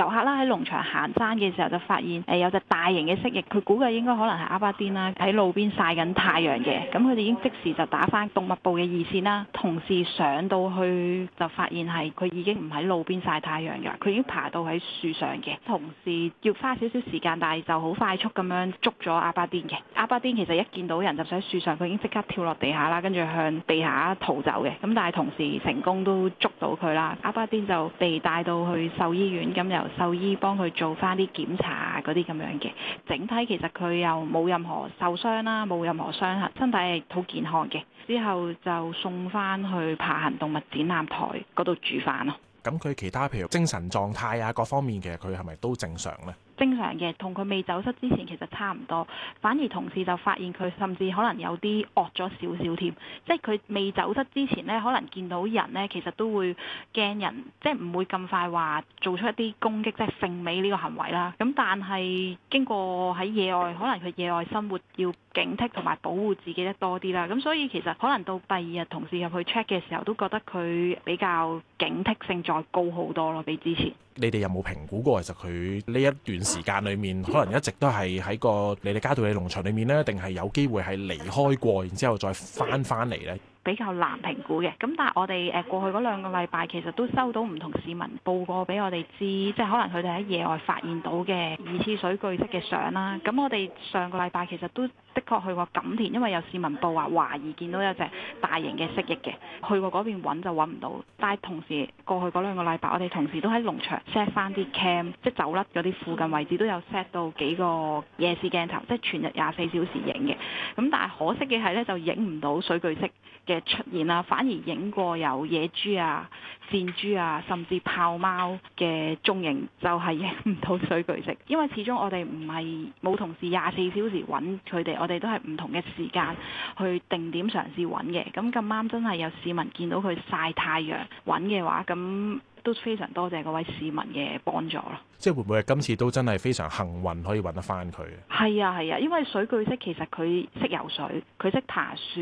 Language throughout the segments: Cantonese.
遊客啦，喺農場行山嘅時候就發現誒有隻大型嘅蜥蜴，佢估計應該可能係阿巴丁啦，喺路邊曬緊太陽嘅。咁佢哋已經即時就打返動物部嘅二線啦，同事上到去就發現係佢已經唔喺路邊曬太陽嘅，佢已經爬到喺樹上嘅。同事要花少少時間，但係就好快速咁樣捉咗阿巴丁嘅。阿巴丁其實一見到人就想喺樹上，佢已經即刻跳落地下啦，跟住向地下逃走嘅。咁但係同事成功都捉到佢啦。阿巴丁就被帶到去獸醫院，咁又。獸醫幫佢做翻啲檢查嗰啲咁樣嘅，整體其實佢又冇任何受傷啦，冇任何傷痕，身體係好健康嘅。之後就送翻去爬行動物展覽台嗰度煮飯咯。咁佢其他譬如精神狀態啊，各方面嘅，佢係咪都正常呢？正常嘅，同佢未走失之前其實差唔多，反而同事就發現佢甚至可能有啲惡咗少少添，即係佢未走失之前咧，可能見到人咧，其實都會驚人，即係唔會咁快話做出一啲攻擊，即係馴美呢個行為啦。咁但係經過喺野外，可能佢野外生活要警惕同埋保護自己得多啲啦。咁、嗯、所以其實可能到第二日同事入去 check 嘅時候，都覺得佢比較警惕性再高好多咯，比之前。你哋有冇評估過，其實佢呢一段？時間裏面，可能一直都係喺個你哋嘉道理嘅農場裏面呢，定係有機會係離開過，然之後再翻翻嚟呢？比較難評估嘅，咁但係我哋誒過去嗰兩個禮拜其實都收到唔同市民報過俾我哋知，即係可能佢哋喺野外發現到嘅疑似水巨蜥嘅相啦。咁我哋上個禮拜其實都的確去過錦田，因為有市民報話懷疑見到有隻大型嘅蜥蜴嘅，去過嗰邊揾就揾唔到。但係同時過去嗰兩個禮拜，我哋同時都喺農場 set 翻啲 cam，即係走甩嗰啲附近位置都有 set 到幾個夜視鏡頭，即係全日廿四小時影嘅。咁但係可惜嘅係呢，就影唔到水巨蜥嘅出現啊，反而影過有野豬啊、箭豬啊，甚至豹貓嘅蹤影，就係影唔到水巨蜥，因為始終我哋唔係冇同事廿四小時揾佢哋，我哋都係唔同嘅時間去定點嘗試揾嘅。咁咁啱真係有市民見到佢曬太陽揾嘅話，咁。都非常多謝各位市民嘅幫助咯，即係會唔會今次都真係非常幸運可以揾得翻佢？係啊係啊，因為水巨蜥其實佢識游水，佢識爬樹，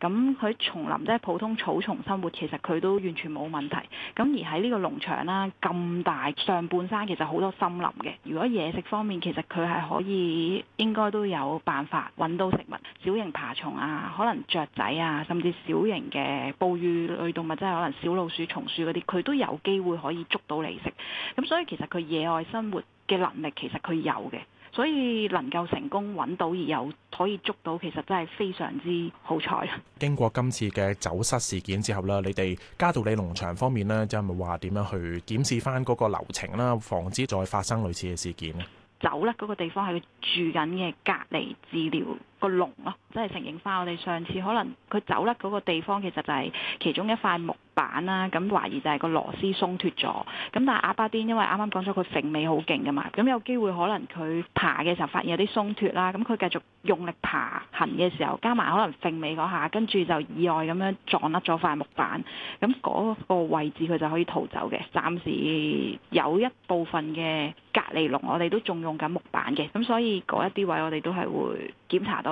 咁佢叢林即係普通草叢生活，其實佢都完全冇問題，咁、嗯、而喺呢個農場啦，咁大上半山其實好多森林嘅，如果嘢食方面其實佢係可以應該都有辦法揾到食物，小型爬蟲啊，可能雀仔啊，甚至小型嘅哺乳類動物，即係可能小老鼠、松鼠嗰啲，佢都有機。機會可以捉到利息，咁、嗯、所以其實佢野外生活嘅能力其實佢有嘅，所以能夠成功揾到而有可以捉到，其實真係非常之好彩。經過今次嘅走失事件之後啦，你哋嘉道理農場方面呢，即係咪話點樣去檢視翻嗰個流程啦，防止再發生類似嘅事件咧？走咧嗰、那個地方係佢住緊嘅隔離治療。個籠咯，即係承認翻我哋上次可能佢走甩嗰個地方，其實就係其中一塊木板啦。咁懷疑就係個螺絲鬆脱咗。咁但係鴨巴甸因為啱啱講咗佢剩尾好勁㗎嘛，咁有機會可能佢爬嘅時候發現有啲鬆脱啦，咁佢繼續用力爬行嘅時候，加埋可能剩尾嗰下，跟住就意外咁樣撞甩咗塊木板。咁嗰個位置佢就可以逃走嘅。暫時有一部分嘅隔離籠，我哋都仲用緊木板嘅，咁所以嗰一啲位我哋都係會檢查到。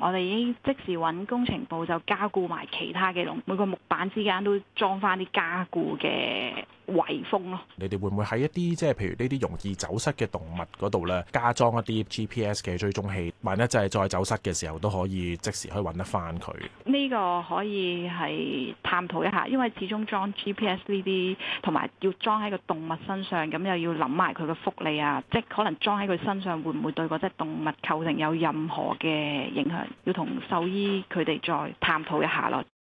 我哋已經即時揾工程部，就加固埋其他嘅棟每個木板之間都裝翻啲加固嘅圍封咯。你哋會唔會喺一啲即係譬如呢啲容易走失嘅動物嗰度咧，加裝一啲 GPS 嘅追蹤器，萬一真係再走失嘅時候都可以即時可以揾得翻佢。呢個可以係探討一下，因為始終裝 GPS 呢啲，同埋要裝喺個動物身上，咁又要諗埋佢嘅福利啊，即係可能裝喺佢身上會唔會對嗰隻動物構成有任何嘅影響？要同獸醫佢哋再探討一下咯。